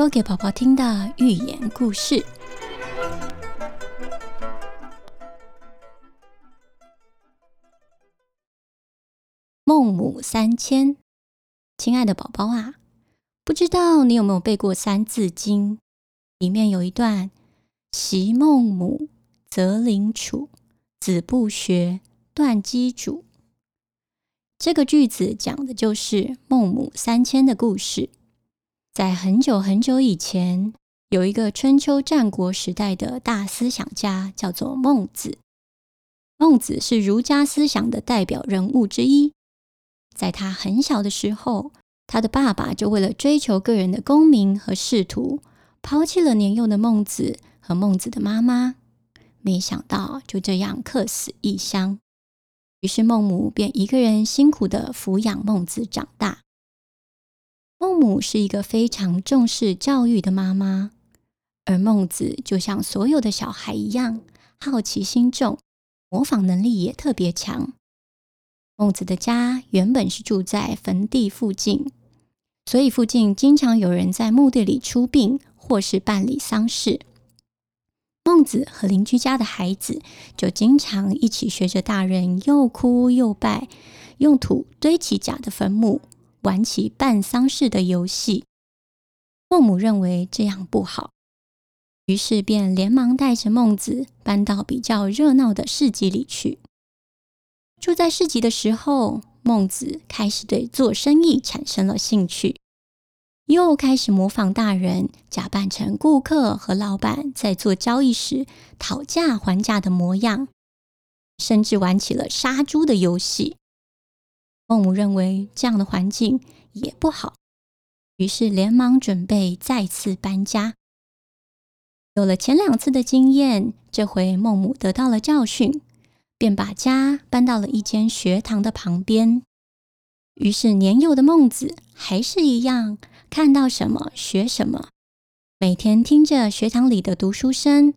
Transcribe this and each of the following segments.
說給寶寶聽的寓言故事《孟母三遷》。親愛的寶寶啊，不知道你有沒有背過《三字經》？裡面有一段：“昔孟母，擇鄰處，子不學，斷機杼。”這個句子講的就是孟母三遷的故事。在很久很久以前，有一個春秋戰國時代的大思想家，叫做孟子。孟子是儒家思想的代表人物之一。在他很小的時候，他的爸爸就為了追求個人的功名和仕途，拋棄了年幼的孟子和孟子的媽媽。沒想到就這樣客死異鄉，於是孟母便一個人辛苦地撫養孟子長大。孟母是一個非常重視教育的媽媽，而孟子就像所有的小孩一樣，好奇心重，模仿能力也特別強。孟子的家原本是住在墳地附近，所以附近經常有人在墓地裡出殯或是辦理喪事。孟子和鄰居家的孩子就經常一起學着大人又哭又拜，用土堆起假的墳墓。玩起辦喪事的遊戲，孟母認為這樣不好，於是便連忙帶着孟子搬到比較熱鬧的市集裡去。住在市集的時候，孟子開始對做生意產生了興趣，又開始模仿大人，假扮成顧客和老闆在做交易時討價還價的模樣，甚至玩起了殺豬的遊戲。孟母認為這樣的環境也不好，於是連忙準備再次搬家。有了前兩次的經驗，這回孟母得到了教訓，便把家搬到了一間學堂的旁邊。於是年幼的孟子還是一樣，看到什麼學什麼，每天聽着學堂裡的讀書聲，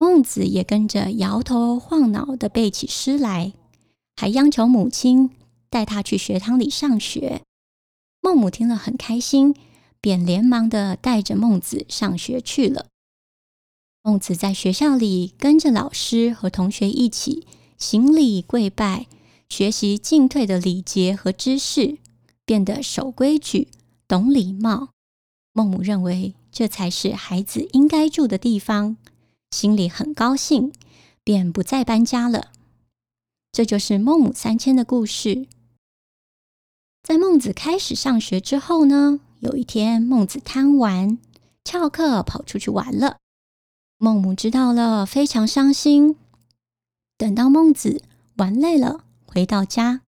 孟子也跟着搖頭晃腦的背起詩來，還央求母親。帶他去學堂裡上學，孟母聽了很開心，便連忙的帶着孟子上學去了。孟子在學校裡跟着老師和同學一起行禮跪拜，學習進退的禮節和知識，變得守規矩、懂禮貌。孟母認為這才是孩子應該住的地方，心裡很高興，便不再搬家了。這就是孟母三遷的故事。在孟子開始上學之後呢，有一天，孟子貪玩，翹課跑出去玩了。孟母知道了，非常傷心。等到孟子玩累了，回到家，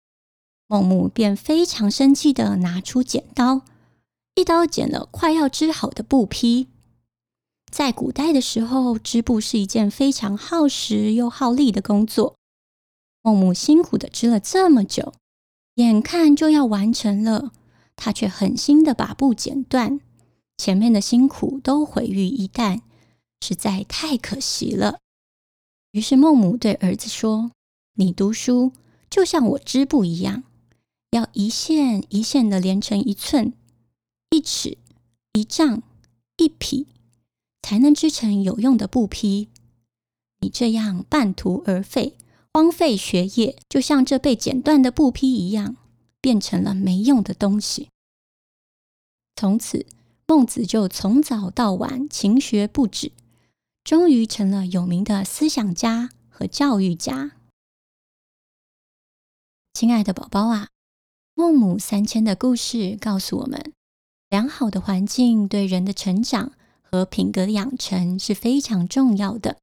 孟母便非常生氣地拿出剪刀，一刀剪了快要織好的布匹。在古代的時候，織布是一件非常耗時又耗力的工作。孟母辛苦地織了這麼久。眼看就要完成了，他卻狠心的把布剪斷，前面的辛苦都毀於一旦，實在太可惜了。於是孟母對兒子說：“你讀書就像我織布一樣，要一線一線的連成一寸、一尺、一丈、一匹，才能織成有用的布匹。你這樣半途而廢。”荒廢學業，就像這被剪斷的布匹一樣，變成了沒用的東西。從此，孟子就從早到晚勤學不止，終於成了有名的思想家和教育家。親愛的寶寶啊，孟母三遷的故事告訴我們，良好的環境對人的成長和品格的養成是非常重要的。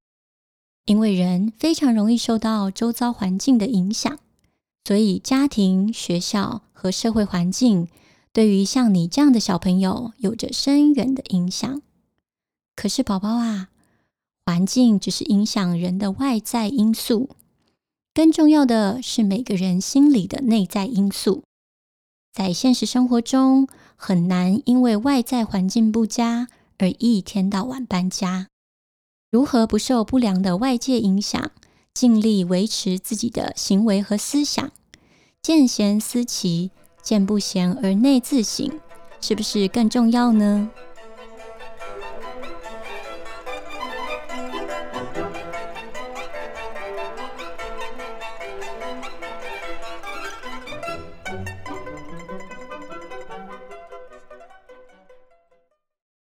因為人非常容易受到周遭環境的影響，所以家庭、學校和社會環境對於像你這樣的小朋友有着深遠的影響。可是，寶寶啊，環境只是影響人的外在因素，更重要的是每個人心裡的內在因素。在現實生活中，很難因為外在環境不佳而一天到晚搬家。如何不受不良的外界影響，盡力維持自己的行為和思想？見賢思齊，見不賢而內自省，是不是更重要呢？